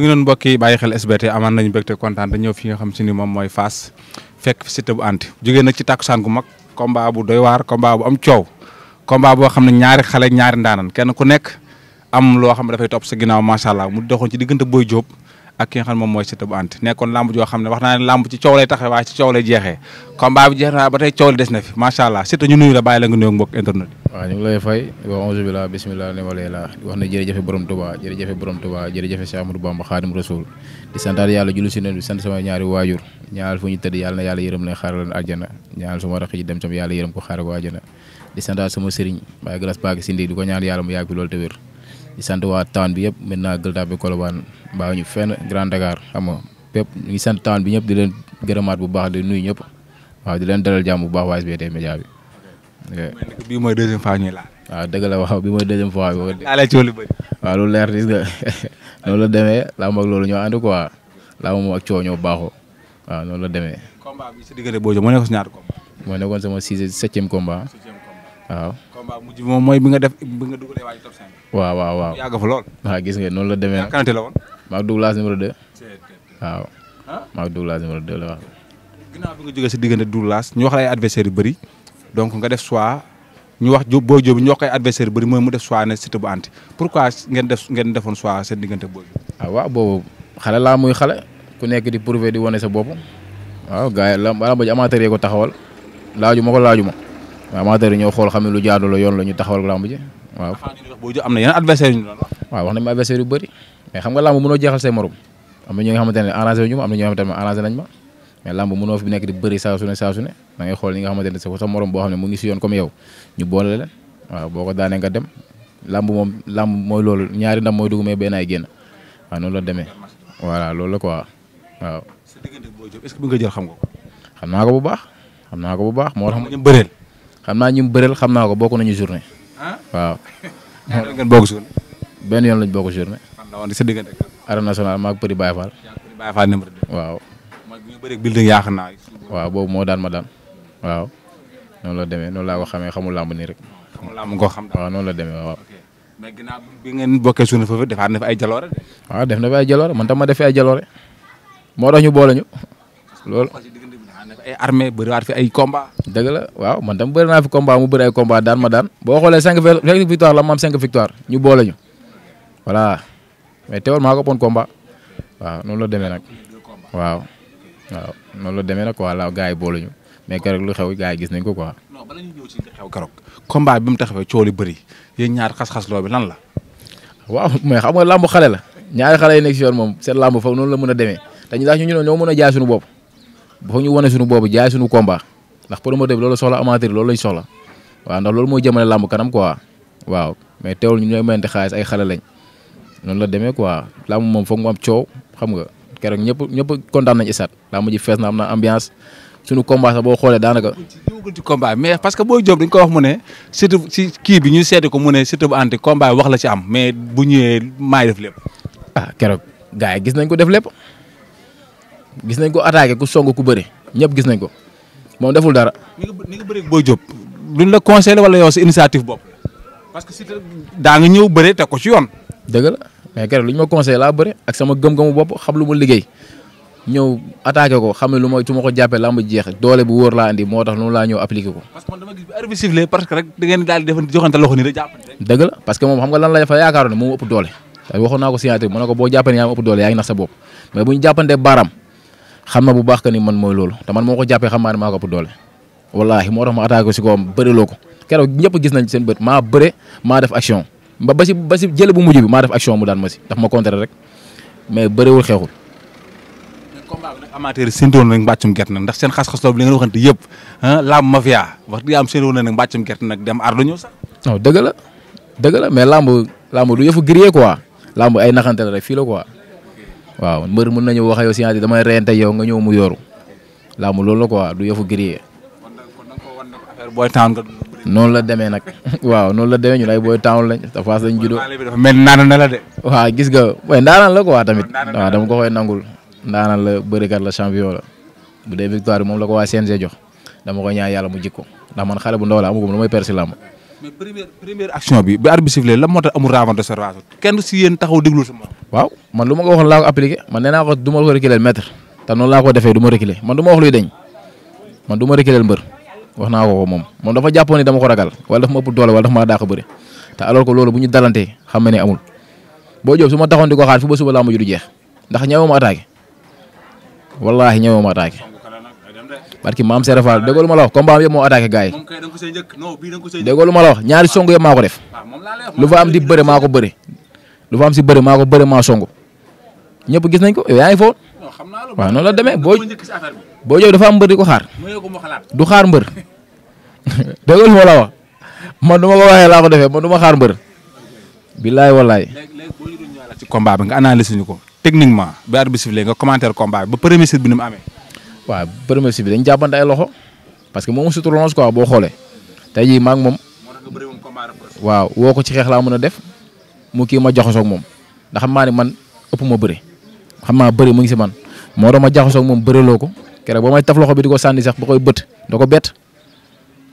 mi ngi doon mbokk yi bàyyi xel SBT amaan nañu mbégte kontaan dañu ñëw fi nga xam si moom mooy Fass fekk fi Siteu bu anti jógee nag ci tàkkusaan gu mag combat bu doy waar combat bu am coow combat boo xam ne ñaari xale ñaari ndaanan kenn ku nekk am loo xam ne dafay topp sa ginnaaw macha allah mu doxoon ci diggante booy Diop ak ki nga xam ne moom mooy Siteu bu Anta nekkoon lamb joo xam ne wax naa ne lamb ci coow lay taxee waaye ci coow lay jeexee combat bi jeex na ba coow li des na fi macha allah Siteu ñu nuyu la bàyyi la nga nuyoog mbokk internet yi. waaw lay fay waaw onze bi la bisimilah ni wala wax na jërëjëfe borom borom Touba jërëjëfe Cheikh Amadou Bamba Khadim Rasoul di santaat yàlla julli si nen sant sama ñaari waajur ñaanal fu ñu tëdd yàlla na yàlla yërëm leen xaaral leen àjjana ñaanal di sant waa taan bi yëpp maintenant Gueule Tapée Colobane mbaa ñu fenn Grand Dakar xam nga ngi sant taan bi ñëpp di leen gërëmaat bu baax di nuyu ñëpp waaw di leen dalal jàmm bu baax waa SBT Média bi. ok waaw dëgg la waaw bii mooy deuxième fois. laalee ci lu bëri. waaw lu leer gis nga noonu la demee làmb ak loolu ñoo ànd quoi làmb moom ak coow ñoo waaw noonu la demee. combat bi sa diggante Boy Diop moo nekkoon si ñaata combat. moo nekkoon waaw combat mujj moom mooy bi nga def bi nga dugalee waa ji top 5. waaw waaw waaw yàgg fa lool. waaw gis nga noonu la demee nag kanante la woon. maag Douglas numéro 2. waaw. maag Douglas numéro 2 la wax. ginnaaw bi nga jógee si diggante Douglas ñu wax la ay adversaires yu bëri donc nga def choix ñu wax Diop Boy Diop ñu wax ay adversaires yu bëri mooy mu def choix ne Siteu bu anti pourquoi ngeen def ngeen defoon choix seen diggante Boy Diop. ah waaw boobu xale laa muy xale ku nekk di prouver di wane sa bopp waaw gars yi la balaa ma ji amateur ko taxawal laaju ma ko laaju ma. waaw amateur yi ñoo xool xam ne lu jaadu yoon la ñu taxawal lamb ji waaw. na yeneen adversaire yu ñu doon wax. waaw wax nañ ma adversaire jeexal say morom am na ñoo xamante ne arrangé am na ñoo xamante ne arrangé nañ ma mais lamb mënoo fi nekk di bëri saa su ne saa su ne xool nga xamante ne sa morom boo xam ne mu ngi yoon comme yow ñu boole waaw boo ko daanee nga dem lamb moom lamb mooy loolu ñaari ndam mooy dugg mais benn ay génn waaw noonu la demee voilà loolu la quoi waaw. sa diggante Boy Diop est-ce nga xam nga ko. xam naa ko bu baax xam naa ko bu baax moo tax. bëreel xam naa ñu bëreel xam naa ko bokk nañu journée. waaw. ngeen bokk journée. benn yoon lañ bokk journée. fan la woon di sa diggante ak. arène nationale maa ngi përi Baye Fall. yaa ngi përi Baye waaw. mooy moo daan ma daan. waaw noonu la demee noonu laa ko xamee xamul làmb nii rek. xamul làmb ko xam. waaw la demee waaw. mais ginnaaw bi ngeen bokkee suñu foofu defaat ay jaloore. waaw def na fi ay jaloore man ma def fi ay jaloore moo tax ñu boole ñu ay armée bëriwaat fi ay combat dëgg la waaw man tam bari naa fi combat mu bëri ay combat daan ma daan boo xoolee cinq victoire la ma am cinq victoire ñu boole ñu voilà ma teewul maa ko ëppoon waaw noonu la demee nag waaw waaw noonu la demee nag quoi yi boole ñu ma keroog lu xew gars yi gis nañ ko quoi. non bala ñu ñëw ci xew keroog. bi mu taxawee coow li bëri yéen ñaar xas-xas bi lan la. waaw mais xam nga làmb la ñaari xale yi nekk si yoon moom seen làmb foofu noonu la mën a demee te ñu daal ñu ba ñu wane suñu boobu jaay suñu combat ndax promoteur bi loolu soxla amateur loolu lañ soxla waaw ndax loolu mooy jëmale làmb kanam quoi waaw mais teewul ñu ñooy mayante xaalis ay xale lañ noonu la demee quoi làmb moom foog mu coow xam nga keroog ñëpp ñëpp kontaan nañ isaat làmb ji fees na am na ambiance suñu combat sax boo xoolee daanaka. ñëwagul ci mais parce que boo Diop dañ ko wax mu ne surtout kii bi ñu seeti ko mu ne surtout bu anti combat wax la si am mais bu ñëwee maay def lépp. ah keroog gaa yi gis nañ ko def lépp. gis nañ ko attaqué ku song ku bëri ñëpp gis nañ ko moom deful dara. ni nga ni nga bëri booy jóg initiative bopp daa nga ñëw bëre teg ko ci yoon. dëgg la mais ko moo tax noonu laa ñëw appliqué ko. parce que man dama gis bi arbitre sifflé parce que rek moom xam nga lan la fa yaakaaroon ne moom ëpp doole waxoon naa ko signature boo jàppee yaa ma ëpp doole yaa nax sa bopp mais bu ñu jàppante baaraam xam na bu baax que ni man mooy loolu te man moo ko jàppee xam naa ne maa ko ëpp doole ko si ñëpp gis nañ seen bët maa bëre maa def action ba ba ba si jële bu mujj bi maa def action mu daan ma si daf ma contrer rek mais bëriwul xeexul. combat bi nag amateur yi séntu woon nañu mbàccum gerte ndax seen xas-xas loolu li ngeen waxante yëpp ah làmb mafia wax dëgg yàlla séntu woon nañu mbàccum gerte nag dem aar la ñëw sax. non dëgg la dëgg la mais lamb làmb du yëfu grillé quoi lamb ay naxante rek fii la quoi. waaw mbër mën nañu wax yow si dama damay reyante yow nga ñëw mu yoru laa mu loolu la ko waa du yëfu grillé. booy town noonu la demee nag waaw noonu la demee ñun ay booy town lañ dafa as lañ juddoo. mel naan na la de. waaw nga waaye ndaanaan la quoi tamit. waaw dama ko koy nangul. ndaanaan la bërikat la champion la dee victoire bi moom la ko waa CNG jox dama ko ñaan yàlla mu jikko ndax man xale bu ndaw la amagum lu may bi bi bi sifflé la moo tax amul ravante de service kenn si yéen taxaw waaw man lu ma ko waxoon laa ko appliqué man nee naa ko du ma ko reculer maître te noonu laa ko defee du ma reculer man du ma wax luy deñ man du ma mbër wax naa ko moom moom dafa jàppoon ni dama ko ragal wala dafa ma ëpp doole wala dafa maa dàq bëri te alors que loolu bu ñu dalantee xam ne amul boo jóob su ma taxoon di ko xaar fi ba suba laa mujj du jeex ndax ñëwee ma attaqué wallaahi ñëwee ma attaqué parce que maam Serap Fall déggoo lu ma la wax combat am yëpp moo attaqué gars yi déggoo lu ma la wax ñaari song maa ko def ah, lu fa am di bëre maa ko bëre du am si bëri maa ko bëri songu ñëpp gis nañ ko yow yaa ngi foofu waaw noonu la demee boo boo jow dafa am mbër di ko xaar du xaar mbër dégg nga la wax man du ma ko waxee laa ko defee man du ma xaar mbër billaay wallaay ci combat bi nga analyse ñu ko techniquement bi arbitre bi sifflé nga commentaire combat ba premier site bi ni mu amee waaw premier site bi dañ jàppante loxo parce que moom sutur lonos quoi boo xoolee te jii maa ngi moom waaw woo ko ci xeex laa mën a def mu kii ma jaxasoo ak moom ndax xam man ëpp ma bëre xam maa bëre mu ngi si man moo doon ma jaxasoo ak moom bëreloo ko kere boo may taf loxo bi di ko sànni sax ba koy bët ko bett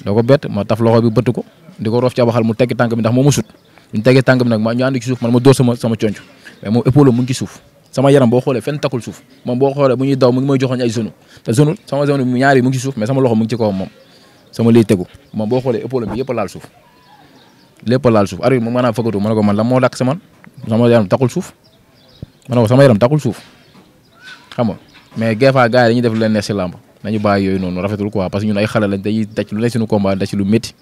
da ko bett ma taf loxo ko di ko rof ci abaxal mu teggi tànk bi ndax moo ma sut ñu teggi tànk bi nag ma ñu suuf man ma dóor sama sama conc mais moom épaule mu ngi suuf sama yaram boo xoolee fenn takkul suuf moom boo xoolee bu ñuy daw mu ngi may joxoon ay zone te zone sama zone bi ñaari mu ngi ci suuf mais sama loxo mu ngi ci kawam moom sama liy tegu boo xoolee épaule bi yëpp laal suuf lépp laal suuf arbitre bi maanaam fëggatu ma ne ko man la moo dàq si man sama yaram taxul suuf ma ne ko sama yaram taxul suuf xam nga mais des fois gars yi dañuy def lu leen neex si làmb nañu bàyyi yooyu noonu rafetul quoi parce que ñun ay xale lañ dañuy daj lu ne suñu combat daj lu métti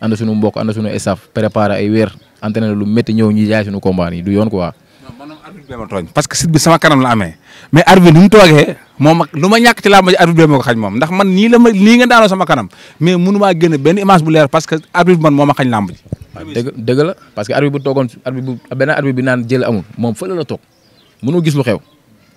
ànd suñu mbokk ànd suñu staff préparer ay weer entraîner lu métti ñëw ñuy jaay suñu combat yi du yoon quoi. maanaam arbitre bi ma tooñ parce que site bi sama kanam la amee mais arbitre bi ni mu toogee moom ak lu ma ñàkk ci làmb ji arbitre bi ma ko xañ moom ndax man nii la ma nii nga daanoo sama kanam mais mënu maa génn benn image bu leer parce que arbitre bi man moo ma xañ làmb ji dëgg dëgg la parce que arbitre bu toogoon arbitre bu benn arbitre bi naan jël amul moom fële la toog mënoo gis lu xew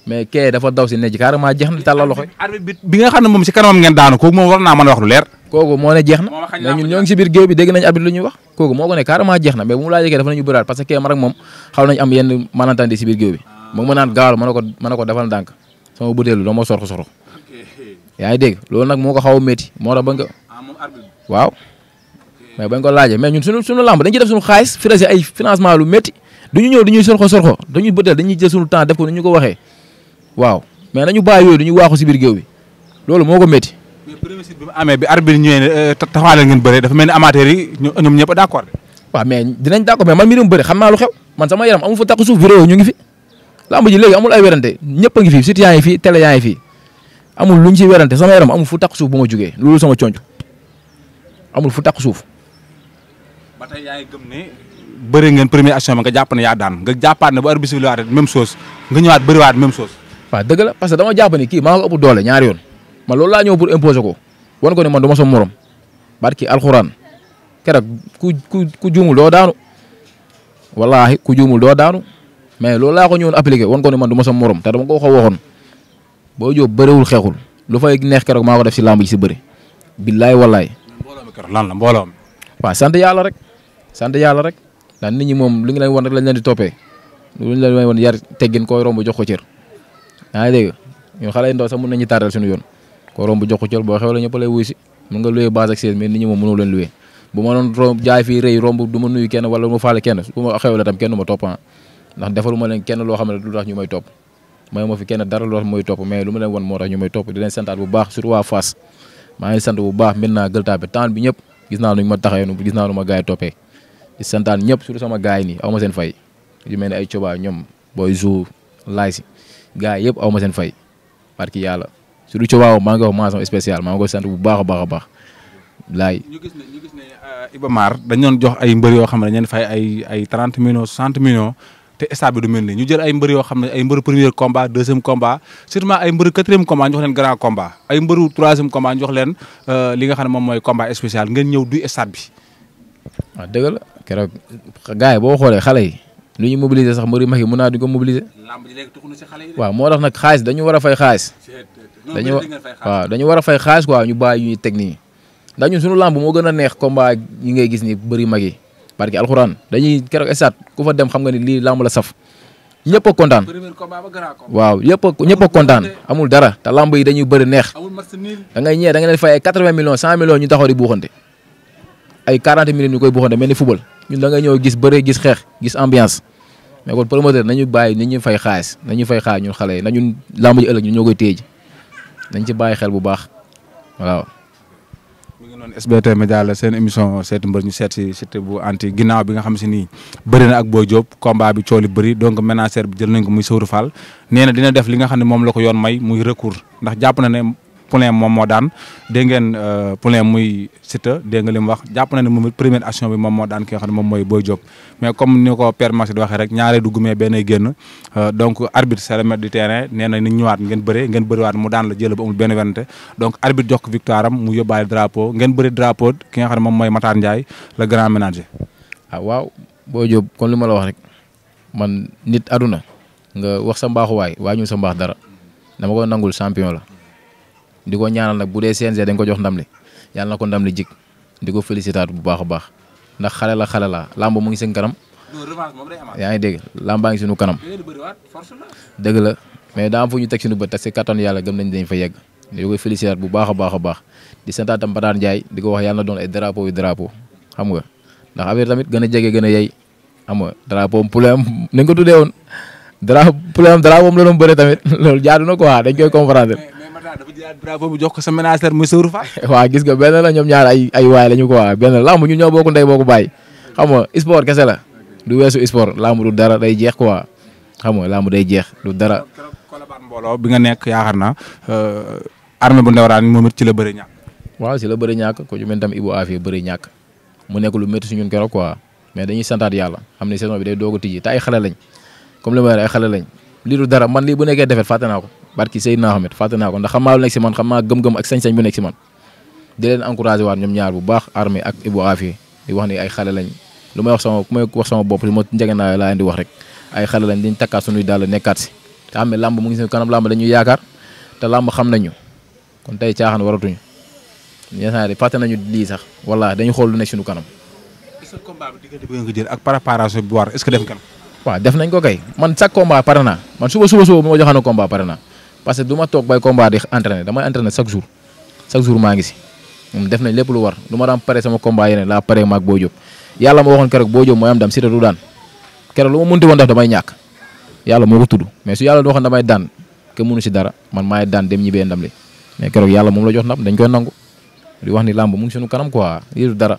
mais kee dafa daw si ne ji carrément jeex na tàllal loxo arbitre bi nga xam ne moom si kanamam ngeen daanu kooku moom war naa mën a wax lu leer kooku moo ne jeex na mais ñun ñoo ngi si biir géew bi dégg nañ arbitre lu ñuy wax kooku moo ko ne carrément jeex na mais bu mu laajee kee dafa nañu bëraat parce que kee man ak moom xaw nañu am yenn malentendus si biir géew bi moom ma naan gaawal mën a ko mën a ko defal ndànk sama butéelu doo ma sorxo sorxo yaa ngi dégg loolu nag moo ko xaw a métti moo tax ba nga ah, waaw mais bañ ko laajee mais ñun suñu suñu lamb dañ ci def suñu xaalis financé ay financement lu métti duñu ñëw dañuy sorxo sorxo dañuy bëttal dañuy jël suñu temps def ko ni ñu ko waxee waaw mais nañu bàyyi yooyu duñu waaxu si biir géew bi loolu moo ko métti mais premier site bi mu amee bi arbitre ñëwee ne euh, taxawaale ngeen bëree dafa mel ni amateurs yi ñoom ñëpp d' accord waaw mais dinañ d' accord mais man mii dama bëri xam naa lu xew man sama yaram amul fa takku suuf vidéo ñu ngi fi lamb ji léegi amul ay werante ñëpp a ngi fi site yaa ngi fi télé yaa ngi fi amul luñ ci werante sama yaram amul fu takku suuf bu ma jugee loolu sama conc amul fu takku suuf ba tey yaa ngi gëm ne bëri ngeen première action bi nga jàpp yaa daan nga jàppaat ne bu arbitre bi waatee même chose nga ñëwaat bëriwaat même chose waaw dëgg la parce que dama jàpp ni kii maa ko ëpp doole ñaari yoon ma loolu laa ñëw pour imposer ko wan ko ne man du ma sa morom barki alxuraan keroog ku ku ku juumul doo daanu wallaahi ku juumul doo daanu mais loolu laa ko ñëwoon appliqué wan ko ne man du ma sa morom te dama ko ko waxoon boo jóob bëriwul xeexul lu fay neex keroog maa ko def si lamb ji si bëri billaay sant yàlla rek ndax nit ñi moom lu ngi leen wan rek lañ leen di toppee lu ñu leen wan yar teggin ko cër yaa ngi dégg ñun xale yi ndaw sax mën nañu taaral suñu yoon koo romb jox ko cër boo bu ma doon romb wala ma faale kenn bu ma xew ah. la kenn loo xam ne lu tax ñu may topp may ma fi kenn dara lu tax mooy topp mais lu ma leen wan moo baax surtout naa gëltaa bi temps bi ñëpp naa nuñ ma taxee gis naa nu ma gaay toppee di santaan ñëpp surtout sama gars yi ni aw ma seen fay yu mel ni ay coba ñoom booy jou laay si gars yëpp aw ma seen fay parce que yàlla surtout coba maa ngi ko mention spéciale maa ngi koy bu baax a a baax laay. ñu gis ne ñu euh, jox ay mbër yoo xam ne dañu fay ay ay trente millions soixante millions. te stade bi du mel nii ñu jël ay mbër yoo xam ne ay mbëru premier combat deuxième combat surtout ay mbëru quatrième combat ñu jox leen grand combat ay mbëru troisième combat jox leen euh, li nga xam ne moom mooy combat spécial ngeen ñëw du stade bi. keroog gars yi boo xoolee xale yi lu ñu mobiliser sax mbëri mag yi mën naa duñ ko mobiliser. waaw moo tax nag xaalis dañu war a fay xaalis. dañu waaw dañu war a fay xaalis quoi ñu bàyyi ñuy teg nii ndax ñun suñu làmb moo gën a neex combat ñi ngay gis ni bëri mag yi parce que alxuraan dañuy keroog stade ku fa dem xam nga ni lii làmb la saf ñëpp a kontaan waaw ñëpp a ñëpp a kontaan amul dara te làmb yi dañuy bëri neex da ngay ñëwee da nga leen fay ay 40 minutes ñu koy buxante mel ni football ñun da nga ñëw gis bëre gis xeex gis ambiance mais kon promoteur nañu bàyyi nit ñi fay xaalis nañu fay xaalis ñun xale yi nañu làmb ji ëllëg ñun ñoo koy téye ji nañ ci bàyyi xel bu baax waaw. mu ngi noonu SBT Média la seen émission seeti mbër ñu seet si Siteu bu anti ginnaaw bi nga xam si ni bëri na ak Boy Diop combat bi cooli bari donc ménagère bi jël nañ ko muy Sëwru Fall nee na dina def li nga xam ne moom la ko yoon may muy recours Poulain moom moo daan dégg ngeen euh, Poulain muy Siteu dégg nga li mu wax jàpp na ne moom première action bi moom moo daan ki nga xam mooy Boy Diop mais comme ni ko père Max di waxee rek ñaaree du gumee benn génn euh, donc arbitre cérémonial du terrain nee na ni ñëwaat ngeen bëre ngeen bëriwaat mu daan la jël ba amul benn werante donc arbitre jox ko victoire am mu yóbbaale drapeau ngeen bëri drapeau ki nga xam ne moom mooy Matar Ndiaye le grand ménager. Ah, waaw boo Diop kon li ma la wax rek man nit aduna nga wax sa mbaaxuwaay waa ñu sa mbaax dara dama ko nangul champion la. di ko ñaanal nag bu dee CNG dañ ko jox ndam li yàlla ko ndam li jig di ko félicitaat bu baax a baax ndax xale la xale la làmb mu ngi seen kanam. yaa ngi dégg làmbaa ngi suñu kanam. dëgg la mais daa am fu ñu teg suñu bët te si kattan yàlla gëm dañ fa yegg di koy félicitaat bu baax a baax a baax di santaatam Badane Ndiaye di ko wax yàlla na doon ay drapeau yu drapeau xam nga ndax affaire tamit gën a jege gën a yey xam nga drapeau am poulet am nañ ko tuddee woon drapeau poulet am drapeau am tamit loolu jaadu na quoi dañ koy comprendre Dakar dafa jëlaat sa ménagère muy Sourou Fall. waaw gis nga benn la ñoom ñaar ay ay waay la ñu ko waa benn lamb ñu ñoo bokk ndey boo ko bàyyi xam nga sport kese la du weesu sport lamb du dara day jeex quoi xam nga lamb day jeex du dara. mbooloo bi nga nekk yaakaar naa euh, armée bu ndewraan moom it ci la bëri ñàkk. waaw ci la bëri ñàkk ko ci mel tam Ibou Afia bëri ñàkk mu nekk lu met si ñun keroog quoi mais dañuy santaat yàlla xam ne saison bi day doog a tijji ay xale lañ comme li ma ay xale lañ lii du dara man lii bu nekkee defet fàtte naa barki Seydina Ahmed fàtte naa ko ndax xam lu nekk si man xam gëm-gëm ak sañ-sañ bu nekk si man di leen encouragé waat ñoom ñaar bu baax armée ak Ibou Afia di wax ni ay xale lañ lu may wax sama ku may wax sama bopp li ma njege naa laa leen wax rek ay xale lañ dañ takkaat suñuy daal nekkaat si te xam ne làmb mu ngi si kanam làmb dañuy yaakaar te làmb xam nañu kon tey caaxaan waratuñu ñaari fàtte nañu lii sax wala dañu xool lu nekk suñu kanam est-ce que combat bi bi ngeen ko jël ak préparation def nañ ko kay man chaque combat pare naa man suba suba suba bu ma joxoon combat pare naa parce que du ma toog bay combat di entraîner damay entraîner chaque jour chaque jour maa ngi si moom def nañ lépp lu war lu ma daan pare sama combat yeneen laa pare maag Boy Diop yàlla ma waxoon keroog Boy Diop mooy am dam Siteu du daan keroog lu ma mënti woon def ñàkk yàlla moo ko tudd mais su yàlla waxoon damay daan ke mënu si dara man maay daan dem ñibbee ndam li mais keroog yàlla moom la jox ndam dañ koy nangu di wax ni làmb mu ngi suñu kanam quoi lii du dara.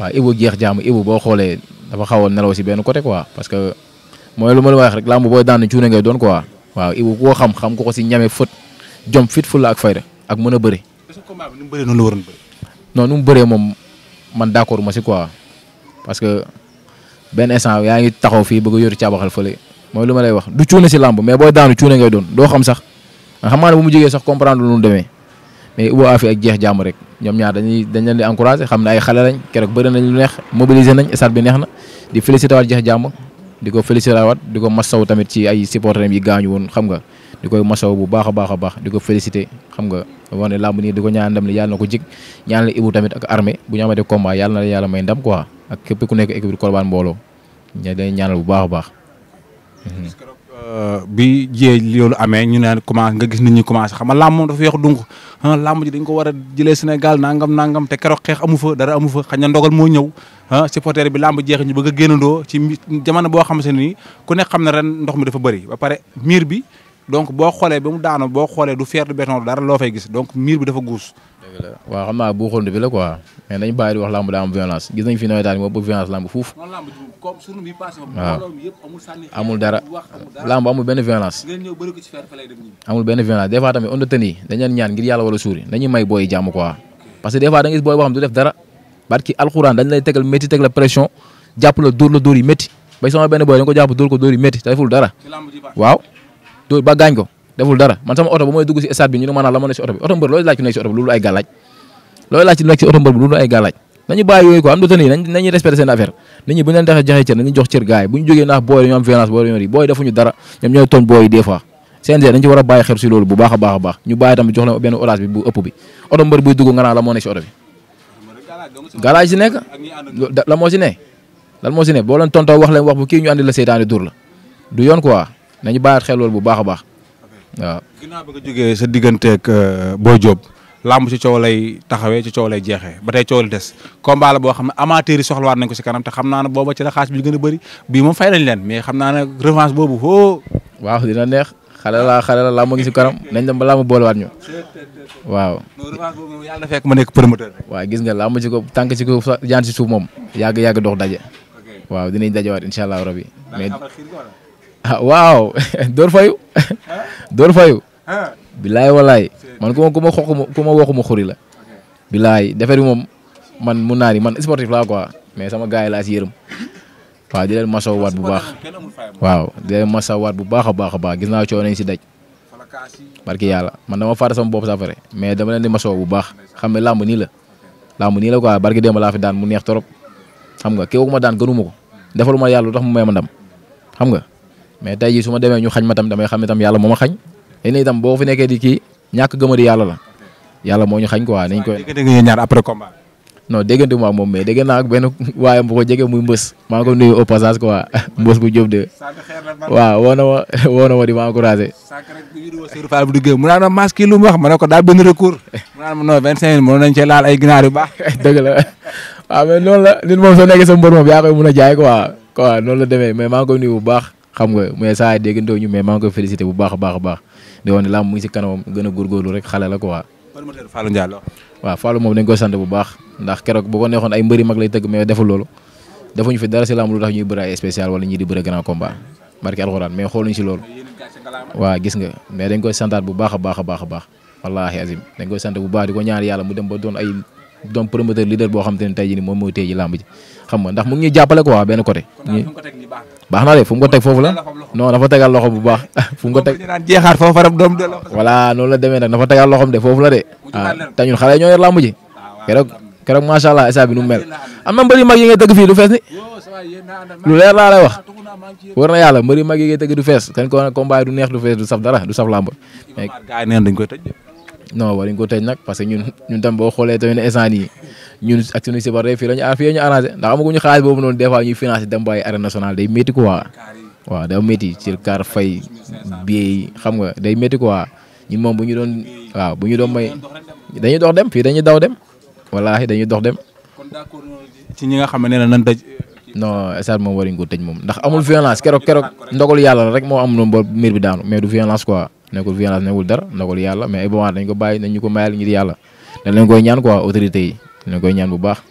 waaw Ibou jeex jaam Ibou boo xoolee dafa xawoon nelaw si benn côté quoi mooy lu ma la wax rek làmb booy daan cuune ngay doon quoi waaw Ibou koo xam xam ko ko si ñame fët jom fit fulla ak fayda ak mën a bëre. est-ce nu mu bëree noonu la waroon bëri. non nu mu bëree moom man d'accord ma si quoi parce que benn instant yaa ngi taxaw fii bëgg a yor caabaxal fële mooy lu ma lay wax du cuune si làmb mais booy daanu cuune ngay doon doo xam sax xam naa ne bu mu jógee sax comprendre lu mu demee mais Ibou Afia ak jeex jàmm rek ñoom ñaar dañuy dañ leen di encourager xam ne ay xale lañ keroog bëri nañ lu neex mobiliser nañ stade bi neex na di féliciter waat jeex jàmm di ko félicité waat di ko masaw tamit ci ay supporters yi gaañu woon xam nga di koy masaw bu baax a baax a baax di ko félicité xam nga wax ne làmb nii di ko ñaan ndam na ko jig ñaan la ibu tamit ak armée bu ñu amatee combat yàlla na yàlla may ndam quoi ak képp ku nekk équipe bi Colobane mbooloo ñu day ñaanal bu baax a baax Euh, bi jiyee loolu amee ñu naan commencé nga gis nit ñi commencé xam nga làmb moom dafa yéex donc ah ji dañ ko war a jëlee Sénégal nangam nangam te keroog xeex amu fa dara amu fa xañ na ndogal moo ñëw ah supporter bi làmb jeex ñu bëgg a génnandoo ci jamono boo xam se ni ku ne xam ne ren ndox mi dafa bari ba pare miir bi donc boo xoolee ba mu daanoo boo xoolee du fer du béton dara loo fay gis donc miir bi dafa guus dëgg la waaw xam naa bu xondu bi la quoi mais nañ bàyyi di wax lamb daa am violence gis nañ fi nawetaan moo bëgg violence lamb fuuf amul dara lamb amul benn violence amul benn violence des fois tamit on tën yi dañ leen ñaan ngir yàlla wala suuri nañu may booy jàmm quoi parce que des fois da nga gis booy boo xam du def dara barki alxuraan dañ lay tegal métti teg la pression jàpp la dóor la dóor yi métti bay sama benn booy da nga ko jàpp dóor ko dóor yi métti te deful dara waaw dóor ba gaañ ko deful dara man sama oto ba mooy dugg si stade bi ñu ne maanaam la ma ne oto bi oto mbër looy laaj ku loolu ay laaj ku nekk si oto mbër bi loolu ay gàllaaj nañu bàyyi yooyu quoi am dota nii nañ nañuy seen affaire nit ñi bu ñu leen dexee joxee nañu jox cër gars yi bu ñu jógee booy dañu am violence booy dañoo booy defuñu dara ñoom ñooy tooñ booy des fois CNG dañ ci war a bàyyi a baax a baax ñu bàyyi tamit jox bu ëpp bi oto mbër buy dugg nga naan la moo ne si oto la moo si ne lan moo si ne boo leen tontoo wax leen wax bu kii ñu andi la seytaane dur la du yoon quoi nañu bàyyi xel bu baax baax waaw. ginnaaw bi nga jógee sa digganteeg euh, Boy Diop làmb lay taxawee ci coow lay jeexee ba tey coow li des combat la boo xam ne amateur yi soxlawaat nañ ko si kanam te xam naa ne booba ci la xaas bi gën a bëri bii moom fay nañ leen mais xam naa ne revanche boobu hoo. waaw dina neex xale la xale la làmb ngi si kanam nañ dem ba làmb boolewaat ñu waaw. revanche boobu moom fekk ma nekk promoteur rek. waaw gis nga làmb ci ko tànk ci ko jaan si suuf moom yàgg yàgg dox daje. waaw dinañ dajewaat incha allah rabi. mais ah waaw door fayu door fayu. Ah. bilaay wallaay man ku ma ku ma xoq ma ku ma waxuma xuri la. bilaay defar moom man mun naa ni man sportif laa quoi mais sama gars yi laa si yërëm waaw di leen masawu waat bu baax waaw di leen waat bu baax baax a baax gis naa coono nañ si daj. barki yàlla man dama faata sama bopp saafara mais dama leen di masawu bu baax xam ne làmb nii la làmb nii la quoi barki ma laa fi daan mu neex trop xam nga képp ku ma daan gënu ko defalu ma yàlla lu tax mu may ma ndam xam nga. mais tey jii su ma demee ñu xañ ma tam damay xam ne tam yàlla moo ma xañ léegi itam boo fi nekkee di kii ñàkk gëma di yàlla la yàlla moo ñu xañ quoi nañ koy ñaar mu ak moom mais dégg naa ak benn waayam bu ko jege muy mbës maa ngi ko nuyu au passage quoi mbës ma woo na ma ma encouragé mu naan lu mu wax ma ne ko daal benn recours mu naan ma non vingt cinq mille mënoon nañ cee laal ay ginaar yu baax dëgg la waaw ah, mais noonu la nit moom soo nekkee a jaay quoi quoi noonu la demee mais maa ngi bu baax xam nga mais saa yi déggantoo ñu mais maa ngi koy félicité bu baax a baax a baax di wax a góorgóorlu rek moom dañ koy sant bu baax ndax keroog bu ko neexoon ay mbëri mag lay tëgg mais deful loolu defuñu fi dara si làmb lu tax ñuy bëre ay spécial wala ñii di bëre grand combat barki alxuraan mais si loolu. waaw gis nga mais dañ koy santaat bu baax a baax a baax a baax wallaahi azim dañ koy sant bu baax di ko ñaan yàlla mu dem ba doon ay doon promoteur leader boo xam te ne tey jii nii moom mooy téye ji làmb ji xam nga baax na de fu mu ko teg foofu la non dafa tegal loxo bu baax fu mu ko teg jeexaat foofu faram doom de voilà noonu la demee nag dafa tegal loxom de foofu la de ah, te ñun xale ñoo yor làmb ji ah, keroog keroog macha allah esa bi mel am na mbëri mag yi fii du fees ni lu leer laa lay wax ah, war na yàlla mbëri mag yi ngay tëgg du fees seen ko combat du neex du fees du saf dara du saf làmb mais non war ñu ko tëj nag parce que ñun ñun tam boo xoolee tamit instant yi ñun ak suñu fii la ñu ah fii la ñu arrangé ndax amaguñu xaalis boobu noonu des fois ñuy financé dem bàyyi day métti quoi waaw day métti ci car fay biey xam nga day métti quoi ñun moom bu ñu doon waaw bu ñu doon may dañuy dox dem fii dañuy daw dem wallaahi dañuy dox dem. ci ñi nga xam ne nan tëj. non stade moom war ñu ko tëj moom ndax amul violence keroog keroog ndogalu yàlla rek moo am noonu ba miir bi daanu mais du violence quoi. nekkul violence nekkul dara nekkul yàlla mais ay moment dañ ko bàyyi nañ ñu ko mayal ngir yàlla dañ leen koy ñaan quoi autorité yi dañ ñaan bu baax.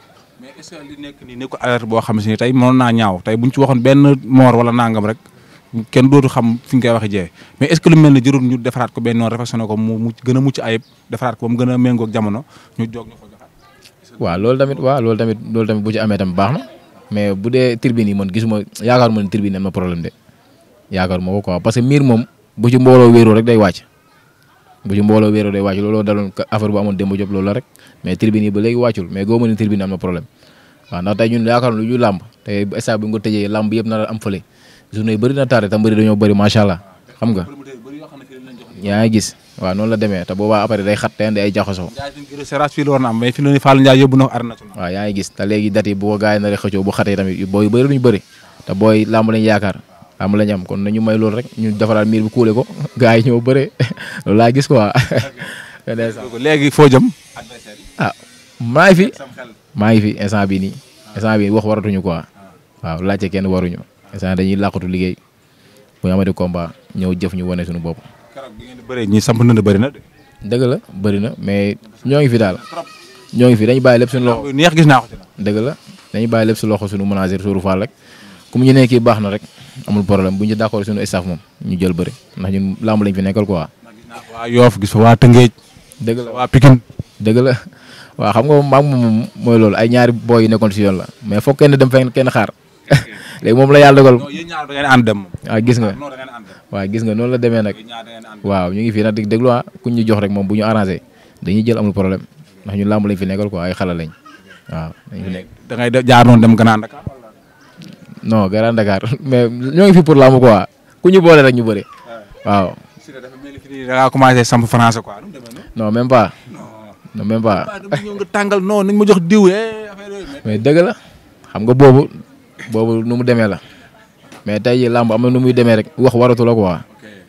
mais est-ce nekkul alerte boo xam si ne tey mënoon naa ñaaw tey buñ ci waxoon benn moor wala nangam rek kenn dootu xam fi ñu koy waxee jee mais est-ce que lu mel ne ñu defaraat ko ko mu gën a mucc ayib defaraat ñu joog ko joxaat. waaw tamit waaw loolu tamit loolu tamit bu ci amee tam baax na mais bu dee tribune yi man gisuma yaakaaruma ne tribune am na problème de yaakaaruma ko quoi parce que miir moom bu ci mbooloo wéeroo rek day wàcc bu ci mbooloo wéeroo day looloo daloon affaire bu amoon démb jop loolu la rek mais tribune yi ba léegi wàccul mais goo ma ne tribune am na problème waaw ndax tey ñun yaakaar lu ñu làmb tey stade bi nga yëpp na am fële journée yi bëri na tardé tam bari dañoo bari macha allah xam nga yaa ngi gis waaw noonu la demee te boobaa après day xat te andi ay jaxasoo waaw yaa léegi date yi bu ko gars yi na rek xëccoo bu xatee tamit booy bëri duñu bëri te booy làmb lañ yaakaar am la ñu am kon nañu may loolu rek ñu defaraat miir bi kuule ko gars yi ñoo bëre loolu laa gis quoi. léegi foo jëm. ah maa ngi fi maa ngi fi instant bii nii instant bii wax waratuñu quoi waaw laajte kenn waruñu instant dañuy làqatu liggéey bu ñu amati combat ñëw jëf ñu wane sunu bopp. keroog bi ñi samp na ne bëri na dëgg la bëri na mais ñoo ngi fi daal ñoo ngi fi dañuy bàyyi lépp suñu loxo. neex gis naa ko dëgg la dañuy bàyyi lépp su loxo sunu manager suuru faal rek. comme ñu ne kii baax na rek amul problème bu ñu d'accord suñu staff moom ñu jël bëri ndax ñun lamb la waa Pikine. dëgg la waaw xam nga maam moom mooy loolu ay ñaari booy yu nekkoon si yoon la mais foog kenn dem fenn kenn xaar léegi moom la yàlla dogal. non yéen ñaar da ngeen nga ah, waaw gis nga noonu la demee nag. waaw ñu ngi fii nag déglu waa ah, ku ñu jox rek moom bu ñu arrangé dañuy jël amul problème ndax ñun lamb lañ fi nekkal quoi ay xala lañ waaw. dañ jaar noonu dem gannaaw non Grand Dakar mais ñoo ngi fi pour laamu quoi ku ñu boole rek ñu bëri waaw. da ngaa commencé samp français même pas. non même nga tàngal non nañ ma jox diw eh, mais dëgg la xam nga boobu boobu nu mu demee la mais tey jii làmb am nu muy demee rek wax waratu la quoi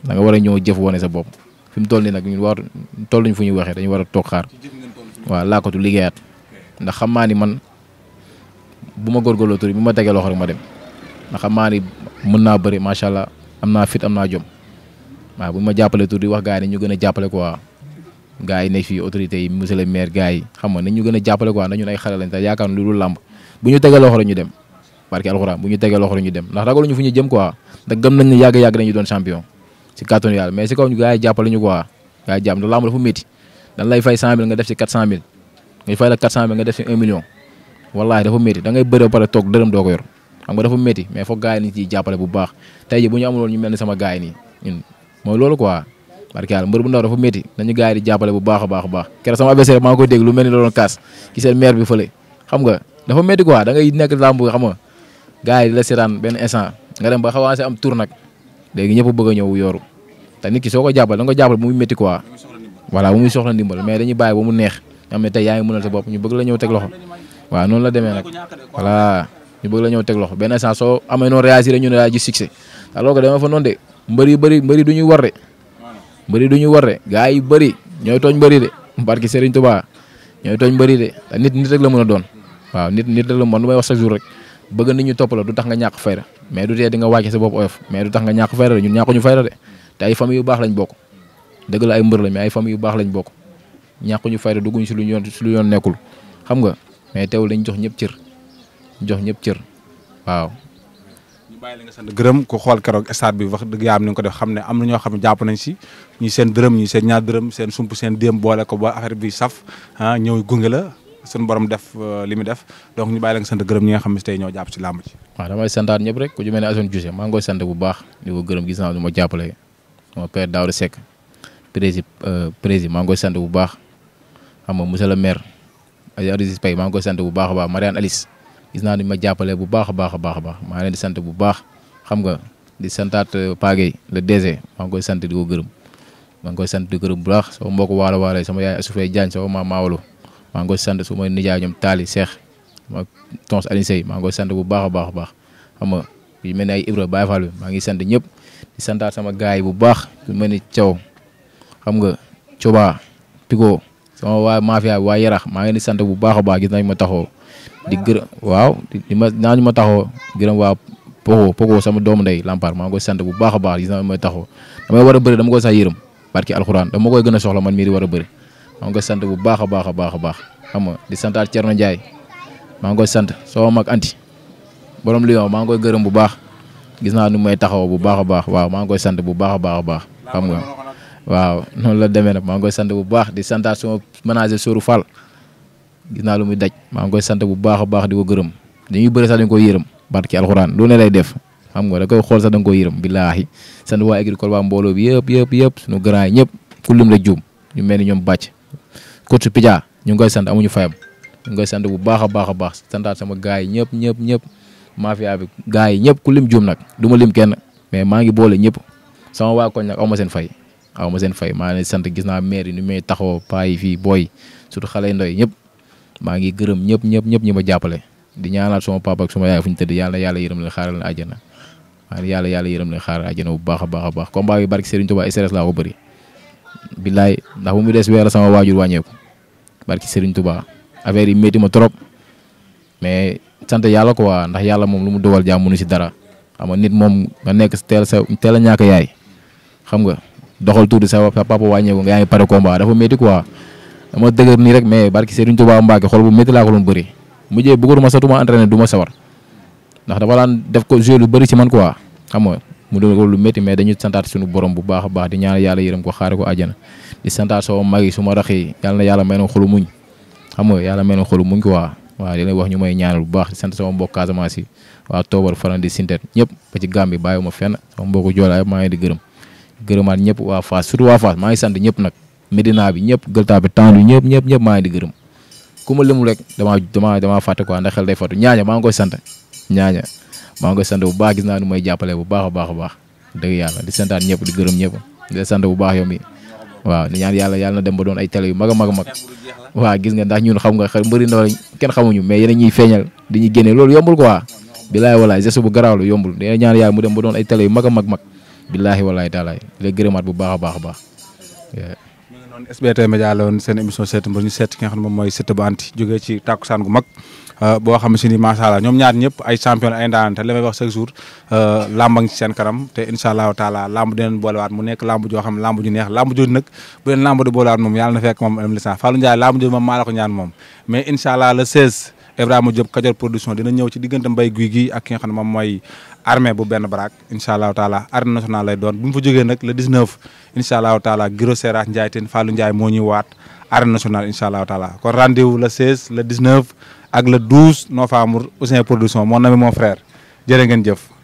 da nga a ñëw jëf wane sa bopp fi mu tol nii nag ñun war tolluñ fu ñuy waxee dañu war a toog xaar waaw laakatu liggéeyaat ndax xam naa ni man bu ma góorgóorloo tur bi ma tegee loxo rek ma dem. ndax xam naa mën naa bëri macha allah am naa fit am naa jom waaw bu ma jàppale tuuti wax gars yi ñu gën a jàppale quoi gars yi nekk fii autorités yi monsieur maire gars yi xam nga nañ ñu gën a jàppale quoi ndax ñun ay xale lañ te yaakaar lu dul làmb bu ñu tegee loxo ñu dem barki alxuraan bu ñu tegee loxo ñu dem ndax ragaluñu fu ñu jëm quoi ndax gëm nañ ne yàgg yàgg nañu doon champion si kàttanu yàlla mais si kaw ñu gars yi jàppale ñu quoi gars yi jàpp ndax làmb dafa métti dañ lay fay nga def si 400000 nga fay la 400000 nga def si 1 million wallahi dafa métti da ngay bëre pare toog dërëm doo ko yor xam nga dafa métti mais foog gars yi nañ ciy bu baax tey ji bu ñu amuloon ñu mel ni sama gars yi nii ñun mooy loolu quoi barke yàlla mbër bu ndaw dafa métti nañu gars yi di jàppale bu baax a baax a baax keroog sama adversaire maa ngi koy dégg lu mel ni doon kaas ci seen maire bi fële xam nga dafa métti quoi da ngay nekk làmb xam nga gars yi di la seetaan benn instant nga dem ba xawaase am tour nag léegi ñëpp bëgg a ñëw yooru te nit ki soo ko jàppale nga ko jàppale bu muy métti quoi voilà bu muy soxla ndimbal mais dañuy bàyyi ba mu neex nga xam ne tey yaa ngi mënal sa bopp ñu bëgg la ñëw teg loxo waaw noonu la demee nag voilà ñu bëgg la ñëw teg loxo benn instant soo amee noonu réagir ñu ne daa gis succès alors que dama fa noonu de mbër yu bëri mbëri du ñuy war de mbëri du ñuy war de gars yi bëri ñooy tooñ bëri de barki Serigne Touba ñooy tooñ bëri de nit nit rek la mën a doon waaw nit nit rek la mën lu may wax chaque jour rek bëgg nit ñu topp la du tax nga ñàkk fayda mais du tee di nga wàcce sa bopp oyof mais du tax nga ñàkk fayda de ñun ñàkkuñu fayda de te ay famille yu baax lañ bokk dëgg la ay mbër la mais ay famille yu baax lañ bokk ñàkkuñu fayda dugguñ si lu yoon si yoon nekkul xam nga mais teewul dañ jox ñëpp cër jox ñëpp cër waaw. ñu bàyyi leen nga sant gërëm ku xool keroog stade bi wax dëgg yaa am ni ko def xam ne am na ñoo xam ne jàpp nañ si ñu seen dërëm ñu seen ñaar dërëm seen sump seen déem boole ko ba affaire bi saf ah ñëw gunge la suñu borom def euh, li mu def donc ñu bàyyi la nga sant gërëm ñi nga xam ne si ñoo jàpp si làmb ci waaw damay santaat ñëpp rek ku ci mel ne Assane Diouf maa ngi koy bu baax di ko gërëm gis naa du ma jàppale sama père Daouda Seck prési euh, prési maa ngi koy sant bu baax xam nga monsieur le maire Aziz Paye maa ngi koy sant baax a baax Mariane Alice gis naa duñ ma jàppale bu baax a baax a baax a baax maa leen di sant bu baax xam nga di santaat euh, Pagey la DG maa ngi koy sant di ko gërëm maa ngi koy sant di gërëm bu baax soo mbokk waalo waalo sama yaay Assoufay Diagne sama maam maa ngi koy sant su ma nijaay ñoom Taali Seex ma tons Alioune Seye maa ngi koy bu baax a baax a baax xam nga yu mel ne ay Ibra Baye Fall maa ngi sant ñëpp santaat sama gaay bu baax yu ni Thiaw xam nga Coba waa mafia waa Yarax maa ngi di sant bu baax a baax gis nañ ma taxoo di gërëm waaw di ma taxaw ñu ma gërëm waa Pogo Pogo sama doomu ndey Lampar maa ngi sant bu baax a baax gis naa may taxoo damay war a bëri dama koy sax yërëm barki alxuraan dama koy gën a soxla man mii di a bëri maa ngi koy sant bu baax a baax a baax a baax xam nga di santaat Thierno Ndiaye maa ngi koy sant soo mag anti borom Lyon maa ngi koy gërëm bu baax gis naa nu may taxaw bu baax a baax waaw maa ngi koy sant bu baax a baax a baax xam nga waaw noonu la demee nag maa ngi koy sant bu baax di santaat sama manager Sourou Fall gis naa lu muy daj maa ngi koy sant bu baax a baax di ko gërëm dañuy bëri sax dañ koy yërëm barki alxuraan lu ne lay def xam nga da koy xool sax da nga koy yërëm billaahi sant waa agricole waa mbooloo yëpp yëpp yëpp suñu grand ñëpp ku lim la juum ñu mel ni ñoom bàcc coach Pidja ñu ngi koy sant amuñu fayam ñu ngi koy bu baax a baax a baax santaat sama gars yi ñëpp ñëpp ñëpp mafia bi gars yi ñëpp ku lim juum nag duma ma lim kenn mais maa ngi boole ñëpp sama waa koñ nag aw ma seen fay aw ma seen fay maa ne sant gis naa maire yi nu muy taxaw paa yi fii booy surtout xale ndoy ñëpp maa ngi gërëm ñëpp ñëpp ñëpp ñi ma jàppale di ñaanal sama papa ak sama yaay fu ñu tëdd yàlla yàlla yërëm leen xaaral leen àjjana waaw yàlla yàlla yërëm leen xaaral àjjana bu baax a baax a baax combat bi barki Serigne Touba stress laa ko bëri billaay ndax bu mu des weer sama waajur wàññeeku barki Serigne Touba affaire yi métti ma trop mais sant yàlla ko waa ndax yàlla moom lu mu dogal jàmm mënu si dara xam nga nit moom nga nekk teel sa teel ñàkk yaay xam nga doxal tuuti sa papa wàññeeku nga yaa ngi pare combat dafa métti quoi dama dëgër nii rek mais barki Serigne Touba Mbacke xol bu métti laa ko doon bëri mujjee bëggoon ma sax du ma entraîné du sawar ndax dafa daan def ko joué lu bari si man quoi xam nga mu doon ko lu métti mais dañu santaat suñu borom bu baax a baax di ñaan yàlla yërëm ko xaare ko àjjana di santaat sama mag yi su ma raxee yàlla na yàlla may na xolu muñ xam nga yàlla may na xolu muñ quoi waaw di wax ñu may ñaanal bu baax di sant sama mbokk Casamance yi waa Toobar Faran di Sintet ñëpp ba ci Gàmbi bàyyiwuma fenn sama mbokku maa ngi di gërëm gërëmaat ñëpp waa Fass surtout waa Fass maa ngi sant ñëpp nag Medina bi ñëpp Gueule Tapée temps bi ñëpp ñëpp ñëpp maa ngi di gërëm ku ma limul rek damaa damaa damaa ndax xel day fàttu ñaaña ñaaña maa ngi koy sant bu baax gis naa nu may jàppale bu baax baax a baax dëgg yàlla di santaat ñëpp di gërëm ñëpp baax yow mi waaw di ñaan dem ba doon ay télé yu mag a mag a mag waaw gis nga ndax xam nga mbëri ndaw lañ kenn xamuñu mais yéen ñuy feeñal di ñu génne loolu yombul quoi bilaay walaay geste bu garaaw la yombul di ñaan yàlla mu dem ba doon ay télé yu mag a mag mag bilaay walaay taalaay di gërëmaat bu baax a baax a baax kon SBT Média seen émission seet mbër ñu seet ki nga xam ne moom mooy Siteu bu anti gu mag euh, boo xam si ni allah ñoom ñaar ñëpp ay champion ay ndaan te li may wax jour euh, làmba ci seen kanam te incha allahu taala làmb dinañ boolewaat mu nekk làmb joo xam làmb neex làmb jooju nag bu leen làmb di boolewaat moom yàlla na fekk moom am licence Fallou Ndiaye làmb jooju moom ko ñaan moom mais incha allah le 16 Ibrahima Diop Kajoor production armée bu benn baraak incha allahu taala arène nationale lay doon bu mu fa jógee nag le 19 incha allahu taala Giro Sera Ndiaye Tine Fallou Ndiaye moo ñuy waat arène nationale incha allahu taala kon rendez-vous le 16 le 19 ak le 12 novembre Ouzin Production moo ami mon frère jërë ngeen jëf.